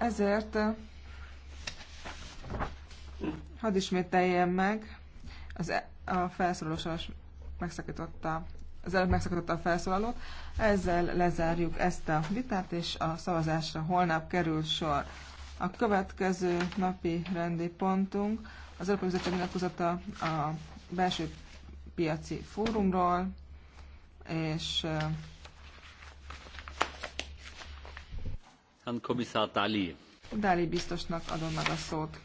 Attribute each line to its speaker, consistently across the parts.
Speaker 1: Ezért eh, hadd ismételjem meg, az, e- a felszólalós megszakította az előbb megszakította a felszólalót. Ezzel lezárjuk ezt a vitát, és a szavazásra holnap kerül sor. A következő napi rendi pontunk az Európai Bizottság nyilatkozata a belső piaci fórumról, és eh, Herrn Dali. biztosnak adom meg a szót.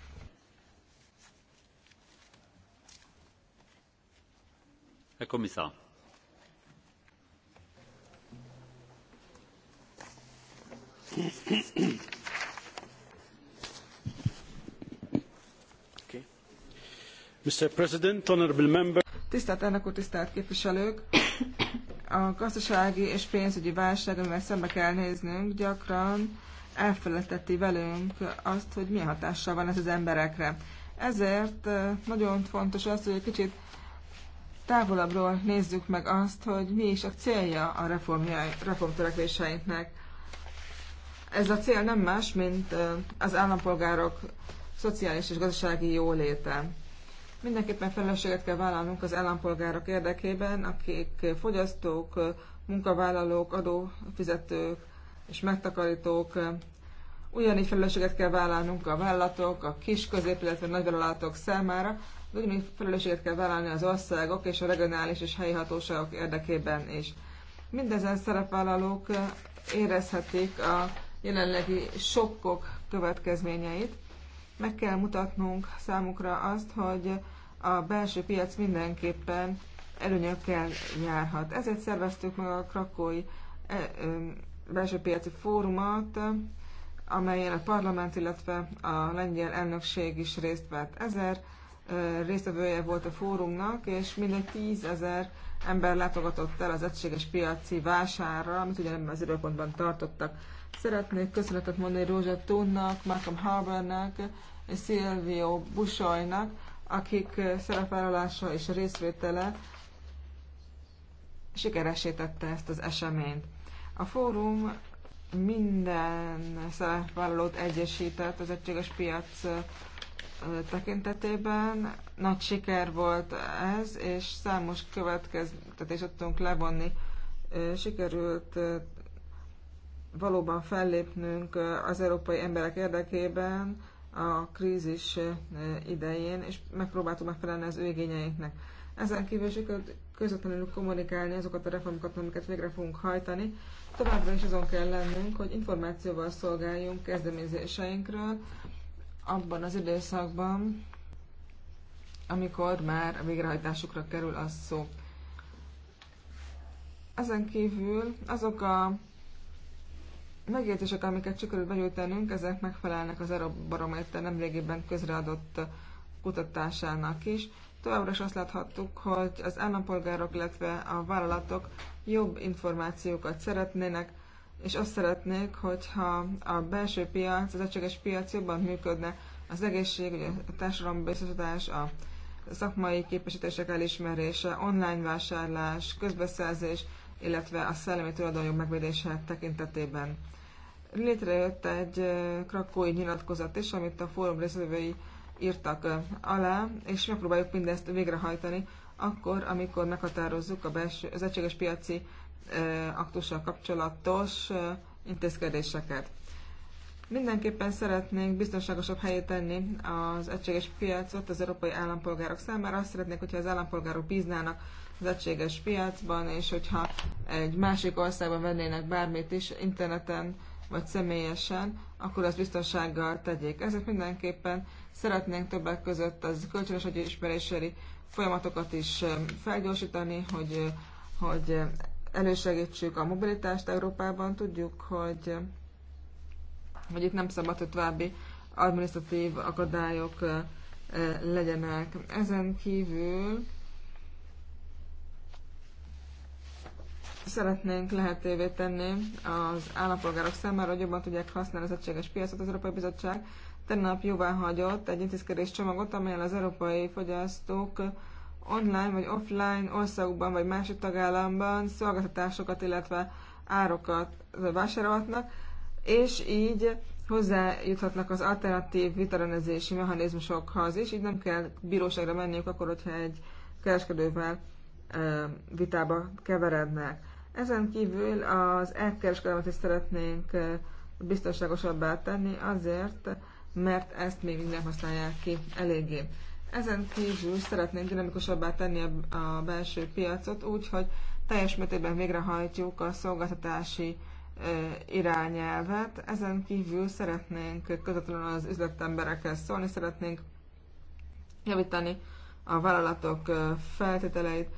Speaker 2: Herr Kommissar. Mr. President, honorable member.
Speaker 1: Tisztelt elnök úr, tisztelt képviselők! A gazdasági és pénzügyi válság, amivel szembe kell néznünk, gyakran elfeledteti velünk azt, hogy milyen hatással van ez az emberekre. Ezért nagyon fontos az, hogy egy kicsit távolabbról nézzük meg azt, hogy mi is a célja a reformtörekvéseinknek. Ez a cél nem más, mint az állampolgárok szociális és gazdasági jóléte. Mindenképpen felelősséget kell vállalnunk az állampolgárok érdekében, akik fogyasztók, munkavállalók, adófizetők és megtakarítók Ugyanígy felelősséget kell vállalnunk a vállalatok, a kis közép, illetve nagyvállalatok számára, de ugyanígy felelősséget kell vállalni az országok és a regionális és helyi hatóságok érdekében is. Mindezen szerepvállalók eh, érezhetik a jelenlegi sokkok következményeit. Meg kell mutatnunk számukra azt, hogy a belső piac mindenképpen előnyökkel járhat. Ezért szerveztük meg a Krakói eh, belső piaci fórumot, amelyen a parlament, illetve a lengyel elnökség is részt vett. Ezer résztvevője volt a fórumnak, és mindegy tízezer ember látogatott el az egységes piaci vásárra, amit ugyanebben az időpontban tartottak. Szeretnék köszönetet mondani Rózsa Tónnak, Malcolm Harbernek és Silvio Busajnak, akik szerepvállalása és részvétele sikeresítette ezt az eseményt. A fórum minden szerepvállalót egyesített az egységes piac tekintetében. Nagy siker volt ez, és számos következtetést tudtunk levonni. Sikerült valóban fellépnünk az európai emberek érdekében a krízis idején, és megpróbáltuk megfelelni az ő igényeinknek. Ezen kívül is közvetlenül kommunikálni azokat a reformokat, amiket végre fogunk hajtani. Továbbra is azon kell lennünk, hogy információval szolgáljunk kezdeményezéseinkről abban az időszakban, amikor már a végrehajtásukra kerül az szó. Ezen kívül azok a megértések, amiket sikerült begyűjtenünk, ezek megfelelnek az Eurobarométer nemrégében közreadott kutatásának is. Továbbra is azt láthattuk, hogy az állampolgárok, illetve a vállalatok jobb információkat szeretnének, és azt szeretnék, hogyha a belső piac, az egységes piac jobban működne, az egészség, a társadalombiztosítás, a szakmai képesítések elismerése, online vásárlás, közbeszerzés, illetve a szellemi tulajdonjog megvédése tekintetében. Létrejött egy krakói nyilatkozat is, amit a fórum részvevői írtak alá, és megpróbáljuk mindezt végrehajtani akkor, amikor meghatározzuk a belső, az egységes piaci aktussal kapcsolatos intézkedéseket. Mindenképpen szeretnénk biztonságosabb helyét tenni az egységes piacot az európai állampolgárok számára. Azt szeretnék, hogyha az állampolgárok bíznának az egységes piacban, és hogyha egy másik országban vennének bármit is interneten vagy személyesen, akkor azt biztonsággal tegyék. Ezért mindenképpen Szeretnénk többek között az kölcsönös ismeréseri folyamatokat is felgyorsítani, hogy, hogy elősegítsük a mobilitást Európában. Tudjuk, hogy, hogy itt nem szabad, hogy további administratív akadályok legyenek. Ezen kívül szeretnénk lehetővé tenni az állampolgárok számára, hogy jobban tudják használni az egységes piacot. Az Európai Bizottság tegnap jóvá hagyott egy intézkedés csomagot, amelyen az európai fogyasztók online vagy offline országokban vagy másik tagállamban szolgáltatásokat, illetve árokat vásárolhatnak, és így hozzájuthatnak az alternatív vitarendezési mechanizmusokhoz is, így nem kell bíróságra menniük akkor, hogyha egy kereskedővel vitába keverednek. Ezen kívül az elkereskedelmet is szeretnénk biztonságosabbá tenni azért, mert ezt még mindig használják ki eléggé. Ezen kívül szeretnénk dinamikusabbá tenni a, a belső piacot úgyhogy teljes mértékben végrehajtjuk a szolgáltatási irányelvet. Ezen kívül szeretnénk közvetlenül az üzletemberekhez szólni, szeretnénk javítani a vállalatok feltételeit,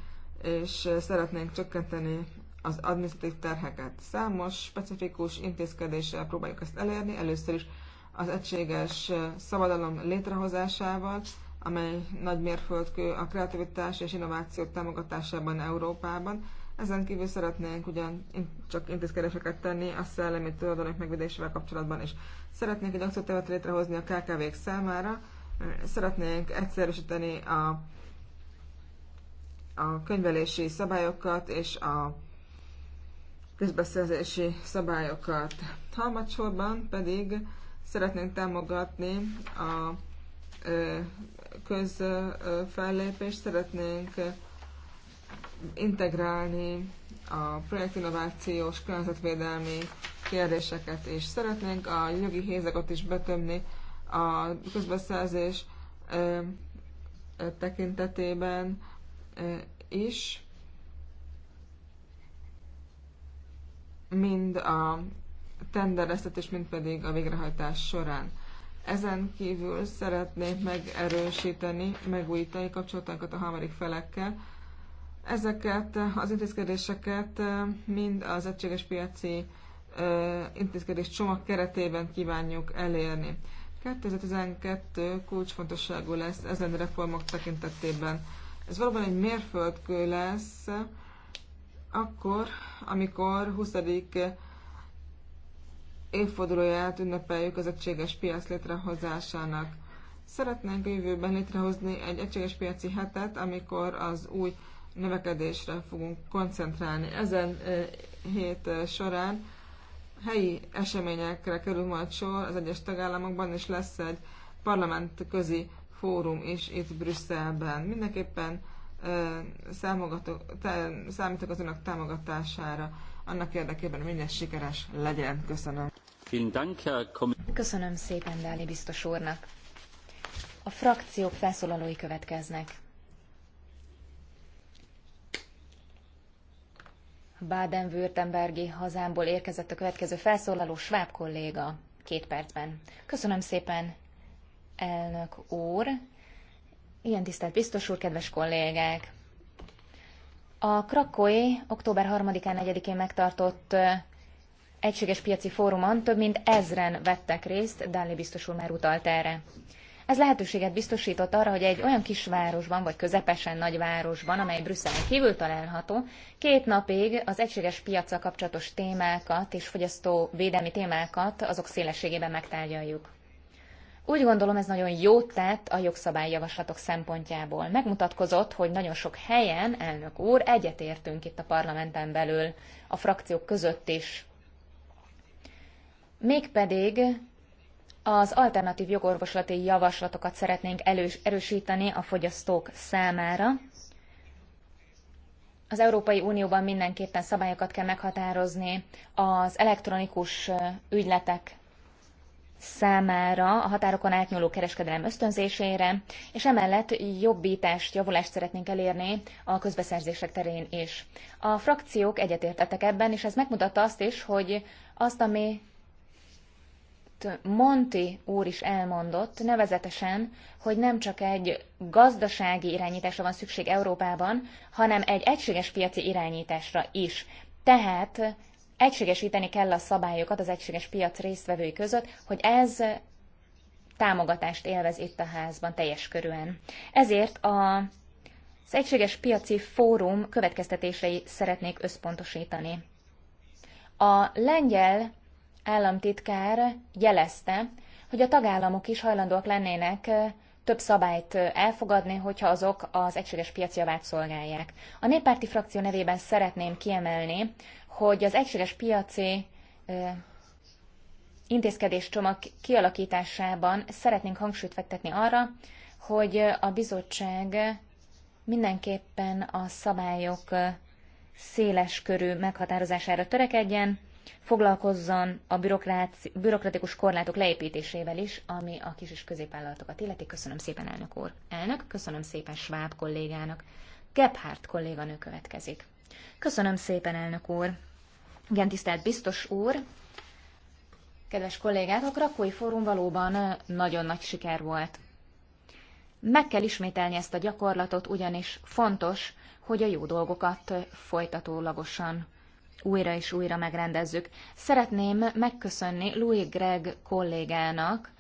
Speaker 1: és szeretnénk csökkenteni az adminisztratív terheket. Számos specifikus intézkedéssel próbáljuk ezt elérni. Először is az egységes szabadalom létrehozásával, amely nagy mérföldkő a kreativitás és innováció támogatásában Európában. Ezen kívül szeretnénk ugyan csak intézkedéseket tenni a szellemi tulajdonok megvédésével kapcsolatban is. Szeretnénk egy akciótervet létrehozni a KKV-k számára, szeretnénk egyszerűsíteni a, a könyvelési szabályokat és a közbeszerzési szabályokat. Harmadsorban pedig Szeretnénk támogatni a közfellépést, szeretnénk integrálni a projektinnovációs, környezetvédelmi kérdéseket, és szeretnénk a jogi hézagot is betömni a közbeszerzés tekintetében is, mind a tendereztetés, mint pedig a végrehajtás során. Ezen kívül szeretnék megerősíteni, megújítani kapcsolatokat a harmadik felekkel. Ezeket az intézkedéseket mind az egységes piaci intézkedés csomag keretében kívánjuk elérni. 2012 kulcsfontosságú lesz ezen reformok tekintetében. Ez valóban egy mérföldkő lesz, akkor, amikor 20 évfordulóját ünnepeljük az egységes piac létrehozásának. Szeretnénk a jövőben létrehozni egy egységes piaci hetet, amikor az új növekedésre fogunk koncentrálni. Ezen hét során helyi eseményekre kerül majd sor az egyes tagállamokban, és lesz egy parlamentközi fórum is itt Brüsszelben. Mindenképpen számítok az önök támogatására annak érdekében, hogy minden sikeres legyen.
Speaker 3: Köszönöm. Köszönöm szépen Dáli biztos úrnak. A frakciók felszólalói következnek. Baden-Württembergi hazámból érkezett a következő felszólaló sváb kolléga két percben. Köszönöm szépen, elnök úr. Ilyen tisztelt biztos úr, kedves kollégák! A Krakói október 3-án, 4-én megtartott egységes piaci fórumon több mint ezren vettek részt, Dáli biztos úr már utalt erre. Ez lehetőséget biztosított arra, hogy egy olyan kisvárosban, vagy közepesen nagyvárosban, amely Brüsszelen kívül található, két napig az egységes piaccal kapcsolatos témákat és fogyasztóvédelmi témákat azok szélességében megtárgyaljuk. Úgy gondolom, ez nagyon jót tett a jogszabályjavaslatok szempontjából. Megmutatkozott, hogy nagyon sok helyen, elnök úr, egyetértünk itt a parlamenten belül, a frakciók között is. Mégpedig az alternatív jogorvoslati javaslatokat szeretnénk erősíteni a fogyasztók számára. Az Európai Unióban mindenképpen szabályokat kell meghatározni az elektronikus ügyletek számára a határokon átnyúló kereskedelem ösztönzésére, és emellett jobbítást, javulást szeretnénk elérni a közbeszerzések terén is. A frakciók egyetértettek ebben, és ez megmutatta azt is, hogy azt, ami Monti úr is elmondott, nevezetesen, hogy nem csak egy gazdasági irányításra van szükség Európában, hanem egy egységes piaci irányításra is. Tehát egységesíteni kell a szabályokat az egységes piac résztvevői között, hogy ez támogatást élvez itt a házban teljes körűen. Ezért a, az Egységes Piaci Fórum következtetései szeretnék összpontosítani. A lengyel államtitkár jelezte, hogy a tagállamok is hajlandóak lennének több szabályt elfogadni, hogyha azok az egységes piaci javát szolgálják. A néppárti frakció nevében szeretném kiemelni hogy az egységes piaci intézkedéscsomag kialakításában szeretnénk hangsúlyt fektetni arra, hogy a bizottság mindenképpen a szabályok széles körű meghatározására törekedjen, foglalkozzon a bürokratikus korlátok leépítésével is, ami a kis és középvállalatokat illeti. Köszönöm szépen, elnök úr. Elnök, köszönöm szépen Schwab kollégának. Gebhardt kolléganő következik. Köszönöm szépen, elnök úr. Igen, tisztelt biztos úr, kedves kollégák, a Krakói Fórum valóban nagyon nagy siker volt. Meg kell ismételni ezt a gyakorlatot, ugyanis fontos, hogy a jó dolgokat folytatólagosan újra és újra megrendezzük. Szeretném megköszönni Louis Greg kollégának,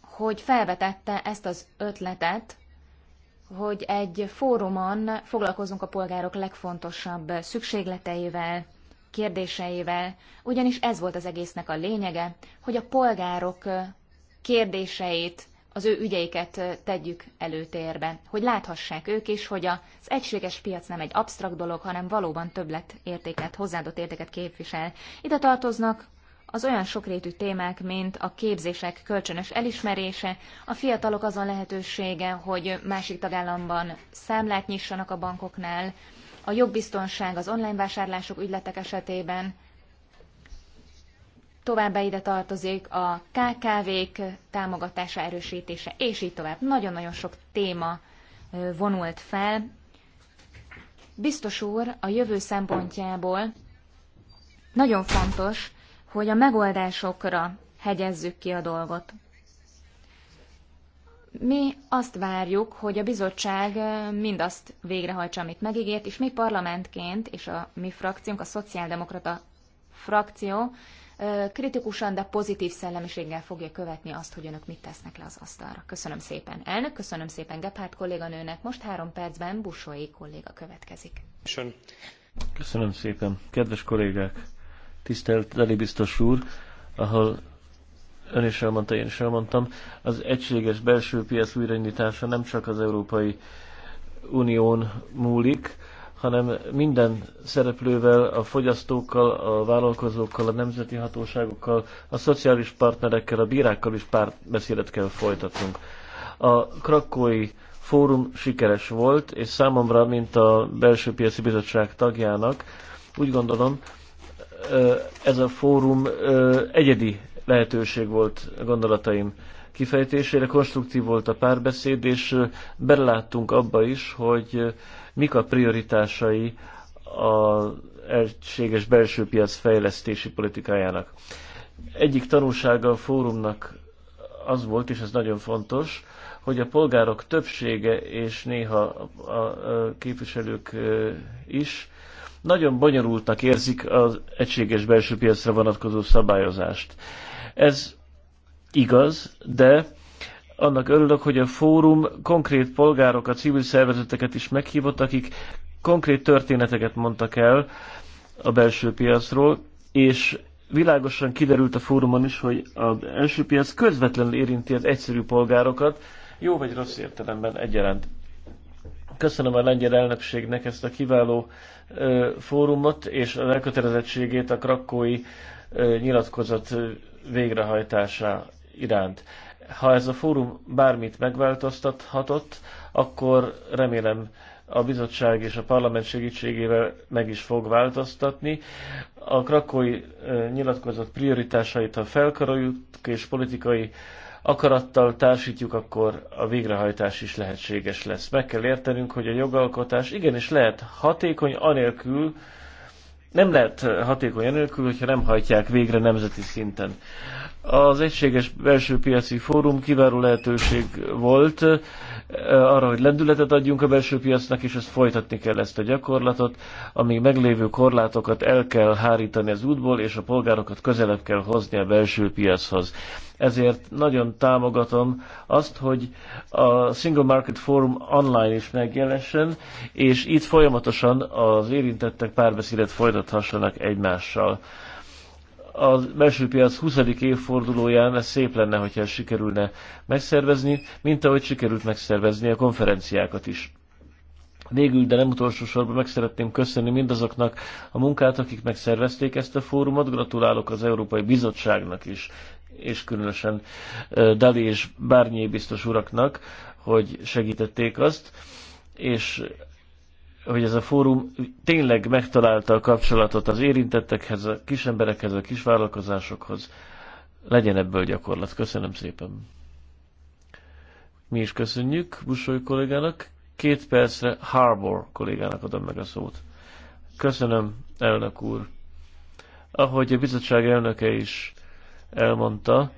Speaker 3: hogy felvetette ezt az ötletet, hogy egy fórumon foglalkozunk a polgárok legfontosabb szükségleteivel, kérdéseivel, ugyanis ez volt az egésznek a lényege, hogy a polgárok kérdéseit, az ő ügyeiket tegyük előtérbe, hogy láthassák ők is, hogy az egységes piac nem egy absztrakt dolog, hanem valóban többlet értéket, hozzáadott értéket képvisel. Ide tartoznak az olyan sokrétű témák, mint a képzések kölcsönös elismerése, a fiatalok azon lehetősége, hogy másik tagállamban számlát nyissanak a bankoknál, a jogbiztonság az online vásárlások ügyletek esetében, továbbá ide tartozik a KKV-k támogatása erősítése, és így tovább. Nagyon-nagyon sok téma vonult fel. Biztos úr, a jövő szempontjából nagyon fontos, hogy a megoldásokra hegyezzük ki a dolgot. Mi azt várjuk, hogy a bizottság mindazt végrehajtsa, amit megígért, és mi parlamentként, és a mi frakciónk, a szociáldemokrata frakció kritikusan, de pozitív szellemiséggel fogja követni azt, hogy önök mit tesznek le az asztalra. Köszönöm szépen, elnök, köszönöm szépen Gephardt kolléganőnek. Most három percben Busói kolléga következik.
Speaker 2: Köszönöm szépen, kedves kollégák! tisztelt Dali biztos úr, ahol ön is elmondta, én is elmondtam, az egységes belső piac újraindítása nem csak az Európai Unión múlik, hanem minden szereplővel, a fogyasztókkal, a vállalkozókkal, a nemzeti hatóságokkal, a szociális partnerekkel, a bírákkal is párbeszédet kell folytatnunk. A krakói fórum sikeres volt, és számomra, mint a belső piaci bizottság tagjának, úgy gondolom, ez a fórum egyedi lehetőség volt gondolataim kifejtésére, konstruktív volt a párbeszéd, és beláttunk abba is, hogy mik a prioritásai az egységes belső piac fejlesztési politikájának. Egyik tanulsága a fórumnak az volt, és ez nagyon fontos, hogy a polgárok többsége és néha a képviselők is nagyon bonyolultnak érzik az egységes belső piacra vonatkozó szabályozást. Ez igaz, de annak örülök, hogy a fórum konkrét polgárokat, civil szervezeteket is meghívott, akik konkrét történeteket mondtak el a belső piacról, és világosan kiderült a fórumon is, hogy a belső piac közvetlenül érinti az egyszerű polgárokat, jó vagy rossz értelemben egyaránt. Köszönöm a lengyel elnökségnek ezt a kiváló ö, fórumot és a elkötelezettségét a krakói ö, nyilatkozat végrehajtása iránt. Ha ez a fórum bármit megváltoztathatott, akkor remélem a bizottság és a parlament segítségével meg is fog változtatni. A krakói nyilatkozat prioritásait, ha felkaroljuk és politikai ö, akarattal társítjuk, akkor a végrehajtás is lehetséges lesz. Meg kell értenünk, hogy a jogalkotás igenis lehet hatékony, anélkül, nem lehet hatékony anélkül, hogyha nem hajtják végre nemzeti szinten. Az Egységes Belső Piaci Fórum kiváló lehetőség volt eh, arra, hogy lendületet adjunk a belső piacnak, és ezt folytatni kell ezt a gyakorlatot, amíg meglévő korlátokat el kell hárítani az útból, és a polgárokat közelebb kell hozni a belső piachoz. Ezért nagyon támogatom azt, hogy a Single Market Forum online is megjelenjen és itt folyamatosan az érintettek párbeszédet folytathassanak egymással a belső piac 20. évfordulóján ez szép lenne, hogyha ezt sikerülne megszervezni, mint ahogy sikerült megszervezni a konferenciákat is. Végül, de nem utolsó sorban meg szeretném köszönni mindazoknak a munkát, akik megszervezték ezt a fórumot. Gratulálok az Európai Bizottságnak is, és különösen Dali és Bárnyé biztos uraknak, hogy segítették azt, és hogy ez a fórum tényleg megtalálta a kapcsolatot az érintettekhez, a kisemberekhez, a kisvállalkozásokhoz. Legyen ebből gyakorlat. Köszönöm szépen. Mi is köszönjük Busoly kollégának. Két percre Harbour kollégának adom meg a szót. Köszönöm, elnök úr. Ahogy a bizottság elnöke is elmondta,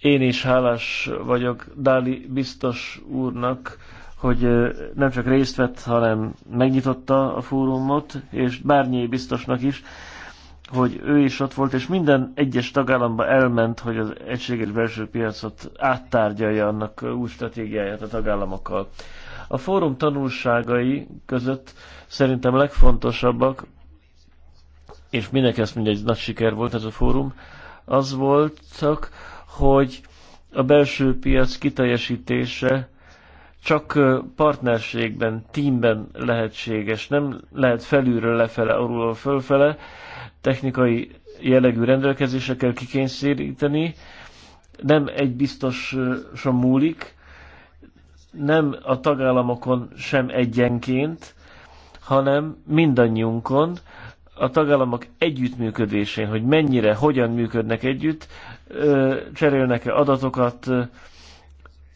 Speaker 2: én is hálás vagyok Dáli biztos úrnak, hogy nem csak részt vett, hanem megnyitotta a fórumot, és bárnyi biztosnak is, hogy ő is ott volt, és minden egyes tagállamba elment, hogy az egységes belső piacot áttárgyalja annak új stratégiáját a tagállamokkal. A fórum tanulságai között szerintem legfontosabbak, és mindenki ezt mondja, nagy siker volt ez a fórum, az voltak, hogy a belső piac kiteljesítése csak partnerségben, teamben lehetséges, nem lehet felülről lefele, arról fölfele, technikai jellegű rendelkezésekkel kikényszeríteni, nem egy biztosan múlik, nem a tagállamokon sem egyenként, hanem mindannyiunkon, a tagállamok együttműködésén, hogy mennyire, hogyan működnek együtt, cserélnek-e adatokat,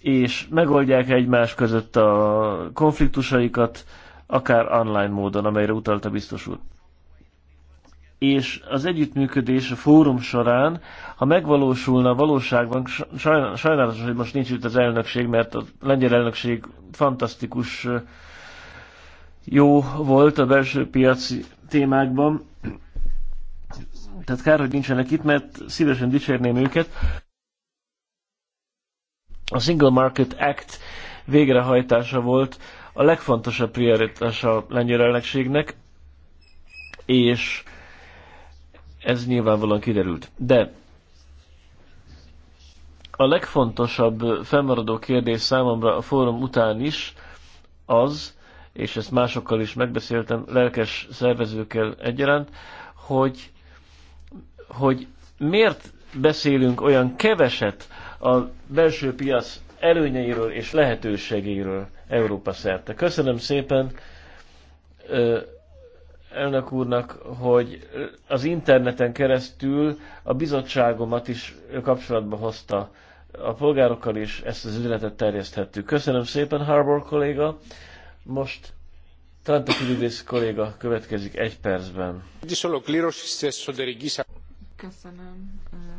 Speaker 2: és megoldják egymás között a konfliktusaikat, akár online módon, amelyre utalta biztos úr. És az együttműködés a fórum során, ha megvalósulna valóságban, sajnálatos, hogy most nincs itt az elnökség, mert a lengyel elnökség fantasztikus jó volt a belső piaci témákban, tehát kár, hogy nincsenek itt, mert szívesen dicsérném őket. A Single Market Act végrehajtása volt a legfontosabb prioritás a lengyel elnökségnek, és ez nyilvánvalóan kiderült. De a legfontosabb fennmaradó kérdés számomra a fórum után is az, és ezt másokkal is megbeszéltem, lelkes szervezőkkel egyaránt, hogy, hogy miért beszélünk olyan keveset a belső piac előnyeiről és lehetőségéről Európa szerte. Köszönöm szépen elnök úrnak, hogy az interneten keresztül a bizottságomat is kapcsolatba hozta a polgárokkal, és ezt az üzenetet terjeszthettük. Köszönöm szépen, Harbour kolléga. Most Tanta Filidész kolléga következik egy percben. Köszönöm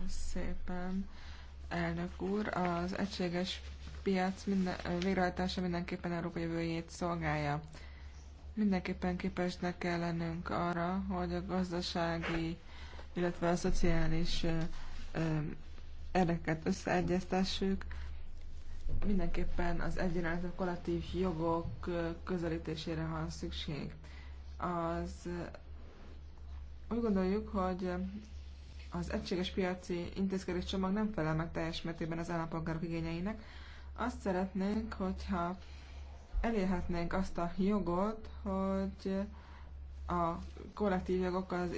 Speaker 1: szépen elnök úr. Az egységes piac minden, végrehajtása mindenképpen Európa jövőjét szolgálja. Mindenképpen képesnek kell lennünk arra, hogy a gazdasági, illetve a szociális érdeket összeegyeztessük. Mindenképpen az egyenlőtő kollektív jogok közelítésére van szükség. Az úgy gondoljuk, hogy az egységes piaci intézkedés csomag nem felel meg teljes mértékben az állampolgárok igényeinek. Azt szeretnénk, hogyha elérhetnénk azt a jogot, hogy a kollektív jogok az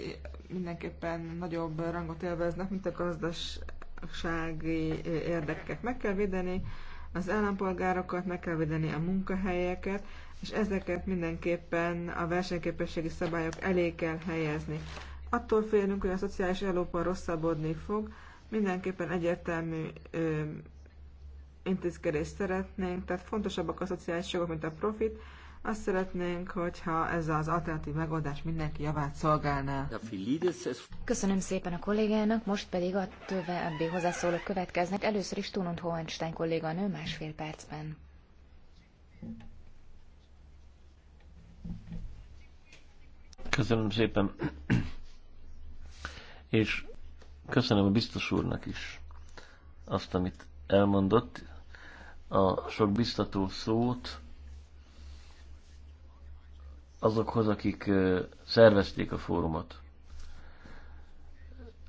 Speaker 1: mindenképpen nagyobb rangot élveznek, mint a gazdasági érdekeket. Meg kell védeni az állampolgárokat, meg kell védeni a munkahelyeket, és ezeket mindenképpen a versenyképességi szabályok elé kell helyezni attól félünk, hogy a szociális Európa rosszabbodni fog, mindenképpen egyértelmű ö, intézkedést szeretnénk, tehát fontosabbak a szociális jogok, mint a profit. Azt szeretnénk, hogyha ez az alternatív megoldás mindenki javát szolgálná.
Speaker 3: Köszönöm szépen a kollégának, most pedig a ebbé hozzászólók következnek. Először is Tunund Hohenstein kolléganő másfél percben.
Speaker 2: Köszönöm szépen és köszönöm a biztos úrnak is azt, amit elmondott, a sok biztató szót azokhoz, akik szervezték a fórumot.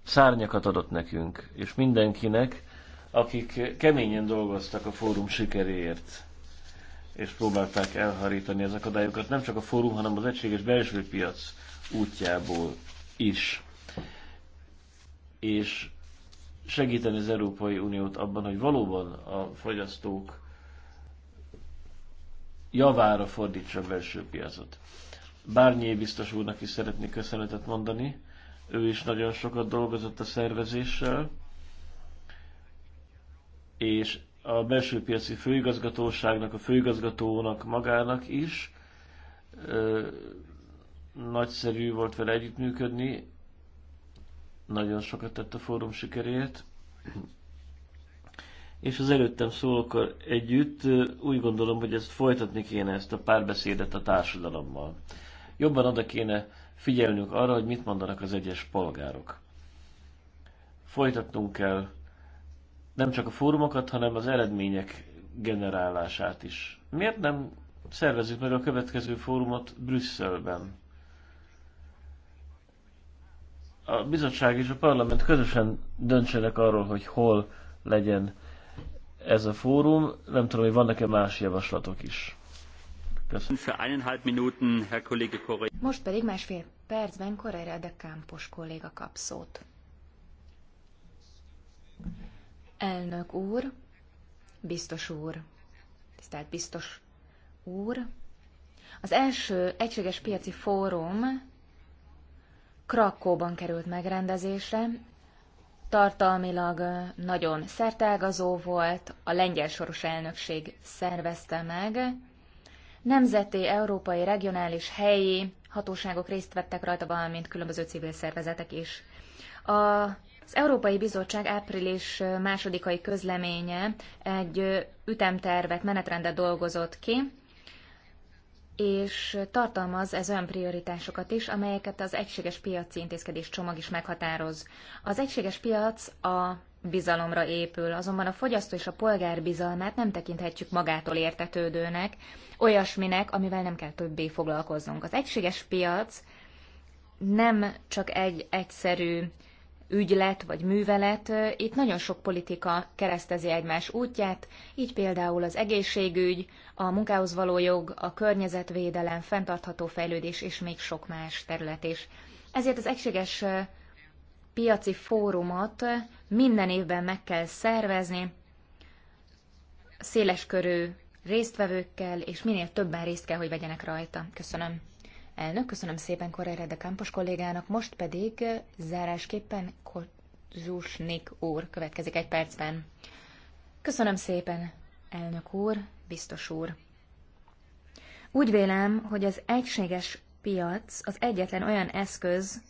Speaker 2: Szárnyakat adott nekünk, és mindenkinek, akik keményen dolgoztak a fórum sikeréért, és próbálták elharítani az akadályokat, nem csak a fórum, hanem az egységes belső piac útjából is és segíteni az Európai Uniót abban, hogy valóban a fogyasztók javára fordítsa a belső piacot. Bárnyé biztos úrnak is szeretnék köszönetet mondani, ő is nagyon sokat dolgozott a szervezéssel, és a belső piaci főigazgatóságnak, a főigazgatónak magának is ö, nagyszerű volt vele együttműködni, nagyon sokat tett a fórum sikeréért, és az előttem szólókkal együtt úgy gondolom, hogy ezt folytatni kéne ezt a párbeszédet a társadalommal. Jobban oda kéne figyelnünk arra, hogy mit mondanak az egyes polgárok. Folytatnunk kell nem csak a fórumokat, hanem az eredmények generálását is. Miért nem szervezzük meg a következő fórumot Brüsszelben? a bizottság és a parlament közösen döntsenek arról, hogy hol legyen ez a fórum. Nem tudom, hogy vannak-e más javaslatok is. Köszönöm.
Speaker 3: Most pedig másfél percben Correira de Kámpos kolléga kap szót. Elnök úr, biztos úr, tisztelt biztos úr, az első egységes piaci fórum Krakóban került megrendezésre. Tartalmilag nagyon szertágazó volt, a lengyel soros elnökség szervezte meg. Nemzeti, európai, regionális, helyi hatóságok részt vettek rajta, valamint különböző civil szervezetek is. A az Európai Bizottság április másodikai közleménye egy ütemtervet, menetrendet dolgozott ki, és tartalmaz ez olyan prioritásokat is, amelyeket az egységes piaci intézkedés csomag is meghatároz. Az egységes piac a bizalomra épül, azonban a fogyasztó és a polgár bizalmát nem tekinthetjük magától értetődőnek, olyasminek, amivel nem kell többé foglalkoznunk. Az egységes piac nem csak egy egyszerű ügylet vagy művelet, itt nagyon sok politika keresztezi egymás útját, így például az egészségügy, a munkához való jog, a környezetvédelem, fenntartható fejlődés és még sok más terület is. Ezért az egységes piaci fórumot minden évben meg kell szervezni, széleskörű résztvevőkkel, és minél többen részt kell, hogy vegyenek rajta. Köszönöm. Elnök, köszönöm szépen Correira de Kampos kollégának, most pedig eh, zárásképpen Kozusnik úr következik egy percben. Köszönöm szépen, elnök úr, biztos úr. Úgy vélem, hogy az egységes piac az egyetlen olyan eszköz,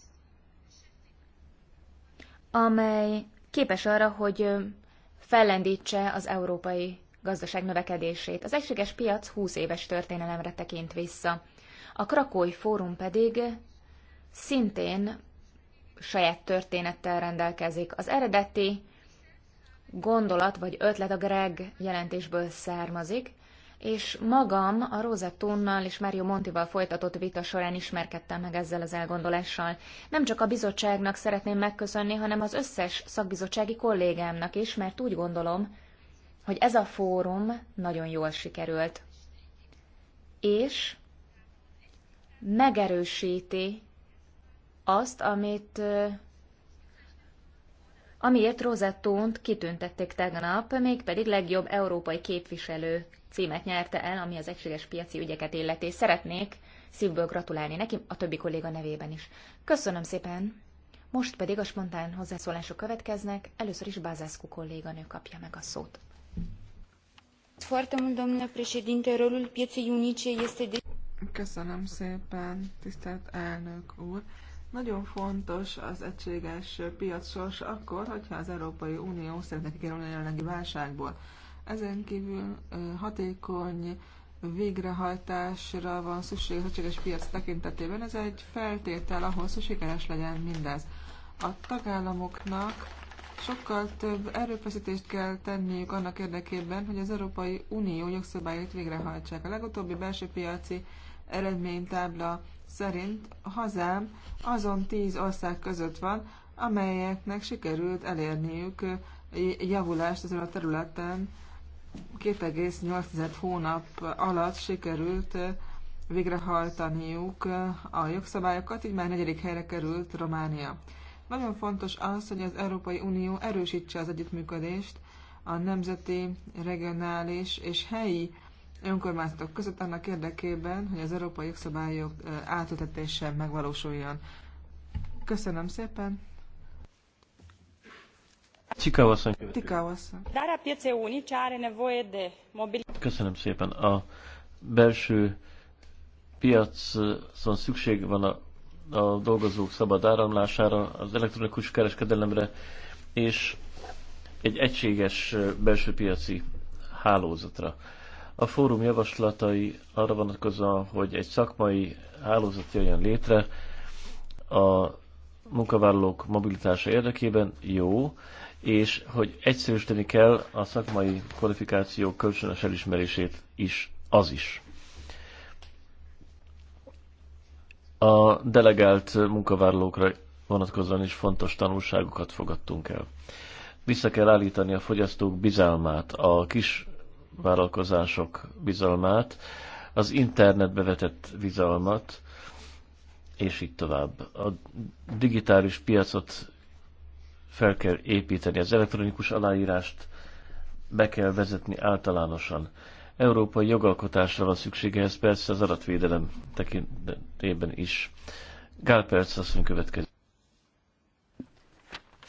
Speaker 3: amely képes arra, hogy eh, fellendítse az európai gazdaság növekedését. Az egységes piac 20 éves történelemre tekint vissza. A Krakói Fórum pedig szintén saját történettel rendelkezik. Az eredeti gondolat vagy ötlet a Greg jelentésből származik, és magam a Rosettonnal és Mário Montival folytatott vita során ismerkedtem meg ezzel az elgondolással. Nem csak a bizottságnak szeretném megköszönni, hanem az összes szakbizottsági kollégámnak is, mert úgy gondolom, hogy ez a fórum nagyon jól sikerült. És megerősíti azt, amit amiért Rosettont kitüntették tegnap, mégpedig legjobb európai képviselő címet nyerte el, ami az egységes piaci ügyeket illeti. Szeretnék szívből gratulálni neki, a többi kolléga nevében is. Köszönöm szépen! Most pedig a spontán hozzászólások következnek, először is Bázeszku kolléganő kapja meg a szót. Foarte mult, domnule președinte, rolul pieței unice este de... Köszönöm
Speaker 1: szépen, tisztelt elnök úr. Nagyon fontos az egységes piac sorsa akkor, hogyha az Európai Unió szeretne kikerülni a jelenlegi válságból. Ezen kívül hatékony végrehajtásra van szükség az egységes piac tekintetében. Ez egy feltétel ahhoz, hogy sikeres legyen mindez. A tagállamoknak sokkal több erőfeszítést kell tenniük annak érdekében, hogy az Európai Unió jogszabályait végrehajtsák. A legutóbbi belső piaci eredménytábla szerint a hazám azon tíz ország között van, amelyeknek sikerült elérniük eh, javulást ezen a területen 2,8 hónap alatt sikerült eh, végrehajtaniuk eh, a jogszabályokat, így már negyedik helyre került Románia. Nagyon fontos az, hogy az Európai Unió erősítse az együttműködést a nemzeti, regionális és helyi önkormányzatok között annak érdekében, hogy az európai jogszabályok átültetése megvalósuljon. Köszönöm szépen!
Speaker 2: Köszönöm szépen. A belső piacon szükség van a, a dolgozók szabad áramlására, az elektronikus kereskedelemre, és egy egységes belső piaci hálózatra. A fórum javaslatai arra vonatkozóan, hogy egy szakmai hálózat jöjjön létre a munkavállalók mobilitása érdekében jó, és hogy egyszerűsíteni kell a szakmai kvalifikáció kölcsönös elismerését is, az is. A delegált munkavállalókra vonatkozóan is fontos tanulságokat fogadtunk el. Vissza kell állítani a fogyasztók bizalmát a kis vállalkozások bizalmát, az internetbe vetett bizalmat, és így tovább. A digitális piacot fel kell építeni, az elektronikus aláírást be kell vezetni általánosan. Európai jogalkotásra van szüksége, ez persze az adatvédelem tekintetében is. Gál Perc, azt következő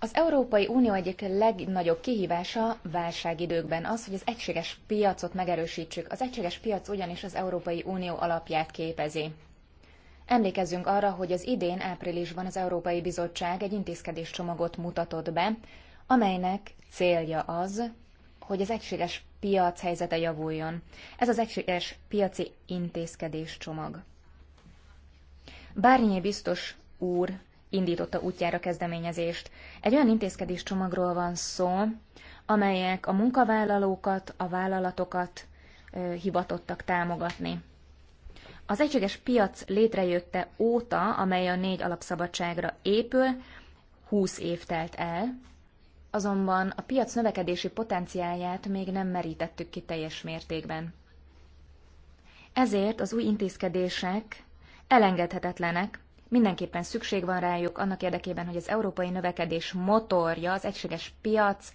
Speaker 3: Az Európai Unió egyik legnagyobb kihívása válságidőkben az, hogy az egységes piacot megerősítsük. Az egységes piac ugyanis az Európai Unió alapját képezi. Emlékezzünk arra, hogy az idén áprilisban az Európai Bizottság egy intézkedéscsomagot mutatott be, amelynek célja az, hogy az egységes piac helyzete javuljon. Ez az egységes piaci intézkedéscsomag. Bárnyé biztos úr indította útjára kezdeményezést. Egy olyan intézkedés csomagról van szó, amelyek a munkavállalókat, a vállalatokat ö, hivatottak támogatni. Az egységes piac létrejötte óta, amely a négy alapszabadságra épül, 20 év telt el, azonban a piac növekedési potenciáját még nem merítettük ki teljes mértékben. Ezért az új intézkedések elengedhetetlenek Mindenképpen szükség van rájuk annak érdekében, hogy az európai növekedés motorja, az egységes piac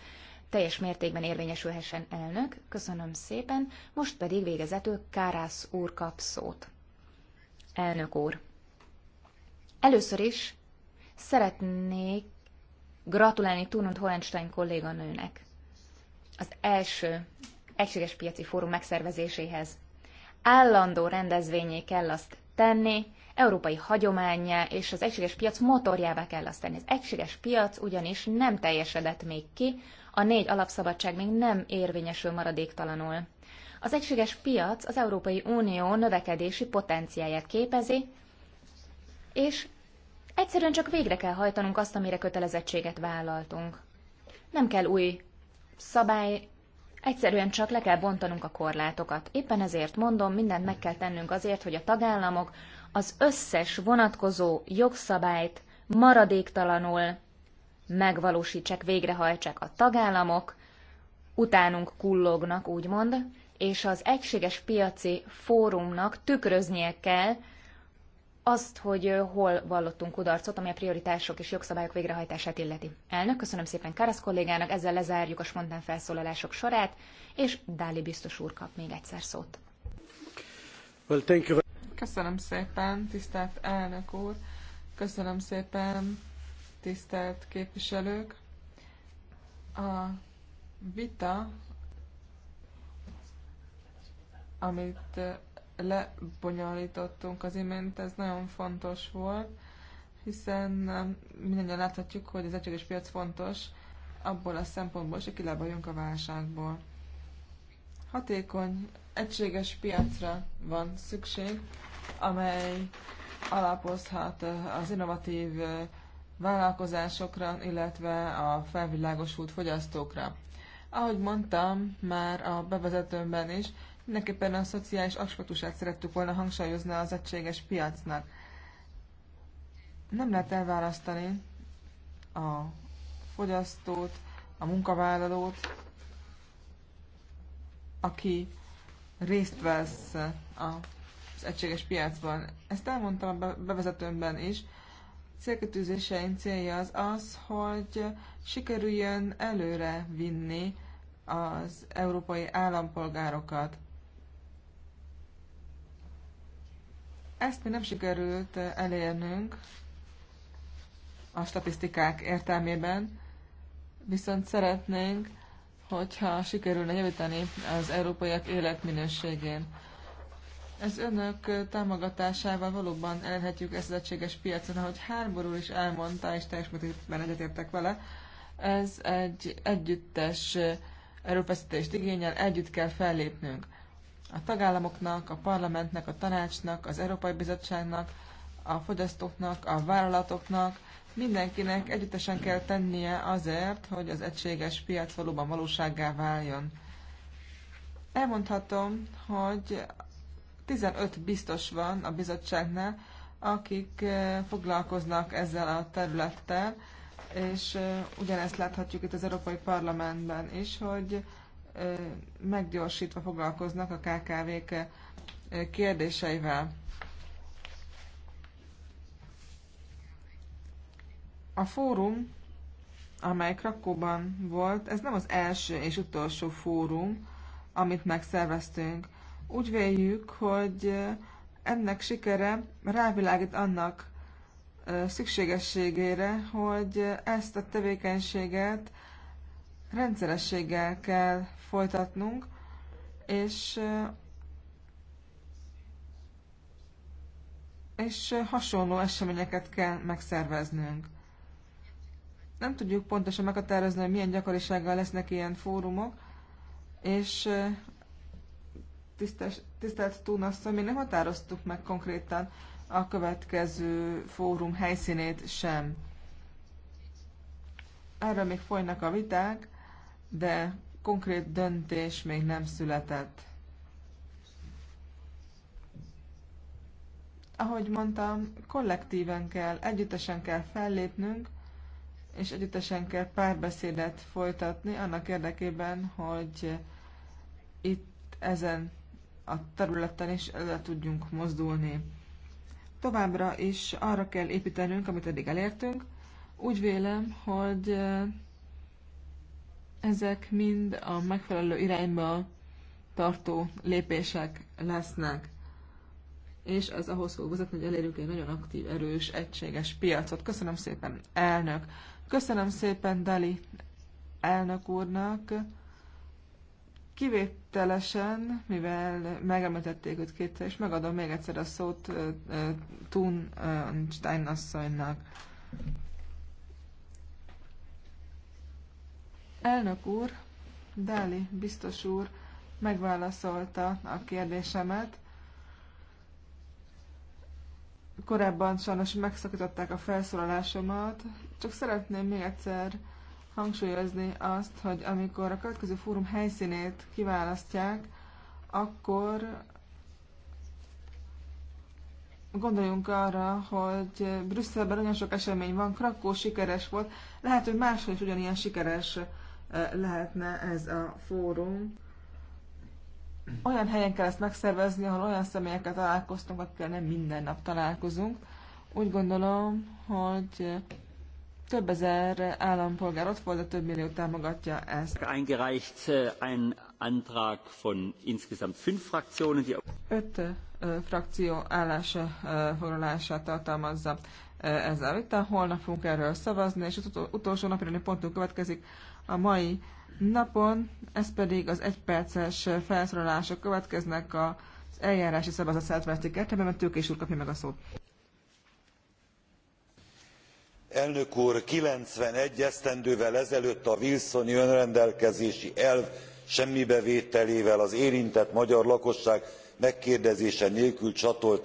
Speaker 3: teljes mértékben érvényesülhessen elnök. Köszönöm szépen, most pedig végezetül Kárász úr kap szót. Elnök úr. Először is szeretnék gratulálni Tunund Hohenstein kolléganőnek az első egységes piaci fórum megszervezéséhez. Állandó rendezvényé kell azt tenni, európai hagyományá és az egységes piac motorjává kell azt tenni. Az egységes piac ugyanis nem teljesedett még ki, a négy alapszabadság még nem érvényesül maradéktalanul. Az egységes piac az Európai Unió növekedési potenciáját képezi, és egyszerűen csak végre kell hajtanunk azt, amire kötelezettséget vállaltunk. Nem kell új szabály, egyszerűen csak le kell bontanunk a korlátokat. Éppen ezért mondom, mindent meg kell tennünk azért, hogy a tagállamok, az összes vonatkozó jogszabályt maradéktalanul megvalósítsák, végrehajtsák a tagállamok, utánunk kullognak, úgymond, és az egységes piaci fórumnak tükröznie kell azt, hogy hol vallottunk kudarcot, ami a prioritások és jogszabályok végrehajtását illeti. Elnök, köszönöm szépen Karasz kollégának, ezzel lezárjuk a spontán felszólalások sorát, és Dáli biztos úr kap még egyszer szót. Well, thank you. Köszönöm szépen, tisztelt elnök úr, köszönöm szépen,
Speaker 1: tisztelt képviselők. A vita, amit eh, lebonyolítottunk az imént, ez nagyon fontos volt, hiszen eh, mindannyian láthatjuk, hogy az egységes piac fontos abból a szempontból, hogy kilábaljunk a válságból. Hatékony, egységes piacra van szükség, amely alapozhat az innovatív vállalkozásokra, illetve a felvilágosult fogyasztókra. Ahogy mondtam már a bevezetőmben is, mindenképpen a szociális aspektusát szerettük volna hangsúlyozni az egységes piacnak. Nem lehet elválasztani a fogyasztót, a munkavállalót, aki részt vesz a egységes piacban. Ezt elmondtam a bevezetőmben is. Célkötőzéseim célja az az, hogy sikerüljön előre vinni az európai állampolgárokat. Ezt mi nem sikerült elérnünk a statisztikák értelmében, viszont szeretnénk, hogyha sikerülne javítani az európaiak életminőségén. Ez önök támogatásával valóban elérhetjük ezt az egységes piacon, ahogy Hárborul is elmondta, és teljes mértékben egyetértek vele, ez egy együttes eh, erőfeszítést igényel, együtt kell fellépnünk. A tagállamoknak, a parlamentnek, a tanácsnak, az Európai Bizottságnak, a fogyasztóknak, a vállalatoknak, mindenkinek együttesen kell tennie azért, hogy az egységes piac valóban valósággá váljon. Elmondhatom, hogy 15 biztos van a bizottságnál, akik eh, foglalkoznak ezzel a területtel, és eh, ugyanezt láthatjuk itt az Európai Parlamentben is, hogy eh, meggyorsítva foglalkoznak a KKV-k kérdéseivel. A fórum, amely Krakóban volt, ez nem az első és utolsó fórum, amit megszerveztünk. Úgy véljük, hogy ennek sikere rávilágít annak szükségességére, hogy ezt a tevékenységet rendszerességgel kell folytatnunk, és és hasonló eseményeket kell megszerveznünk. Nem tudjuk pontosan meghatározni, hogy milyen gyakorisággal lesznek ilyen fórumok, és tisztes, tisztelt Túnasszony, mi nem határoztuk meg konkrétan a következő fórum helyszínét sem. Erről még folynak a viták, de konkrét döntés még nem született. Ahogy mondtam, kollektíven kell, együttesen kell fellépnünk, és együttesen kell párbeszédet folytatni annak érdekében, hogy itt ezen a területen is előre tudjunk mozdulni. Továbbra is arra kell építenünk, amit eddig elértünk. Úgy vélem, hogy ezek mind a megfelelő irányba tartó lépések lesznek. És ez ahhoz fog vezetni, hogy elérjük egy nagyon aktív, erős, egységes piacot. Köszönöm szépen, elnök! Köszönöm szépen Dali elnök úrnak! Kivételesen, mivel megemlítették őt kétszer, és megadom még egyszer a szót Thun Stein asszonynak. Elnök úr, Dáli biztos úr megválaszolta a kérdésemet. Korábban sajnos megszakították a felszólalásomat, csak szeretném még egyszer hangsúlyozni azt, hogy amikor a következő fórum helyszínét kiválasztják, akkor gondoljunk arra, hogy Brüsszelben nagyon sok esemény van, Krakó sikeres volt, lehet, hogy máshol is ugyanilyen sikeres eh, lehetne ez a fórum. Olyan helyen kell ezt megszervezni, ahol olyan személyekkel találkoztunk, akikkel nem minden nap találkozunk. Úgy gondolom, hogy több ezer állampolgár ott volt, de több millió támogatja ezt.
Speaker 2: Eingereicht äh, ein Antrag von insgesamt fünf Fraktionen, die...
Speaker 1: Öt äh, frakció állásfoglalását äh, tartalmazza ez a vita. Holnap fogunk erről szavazni, és az utolsó napi pontunk következik a mai napon, ez pedig az egyperces felszólalások következnek az eljárási szabályzat 120 értelmementők, és úr kapja meg a szót
Speaker 4: elnök úr ninety one esztendővel ezelőtt a wilsoni önrendelkezési elv semmibevételével az érintett magyar lakosság megkérdezése nélkül csatolt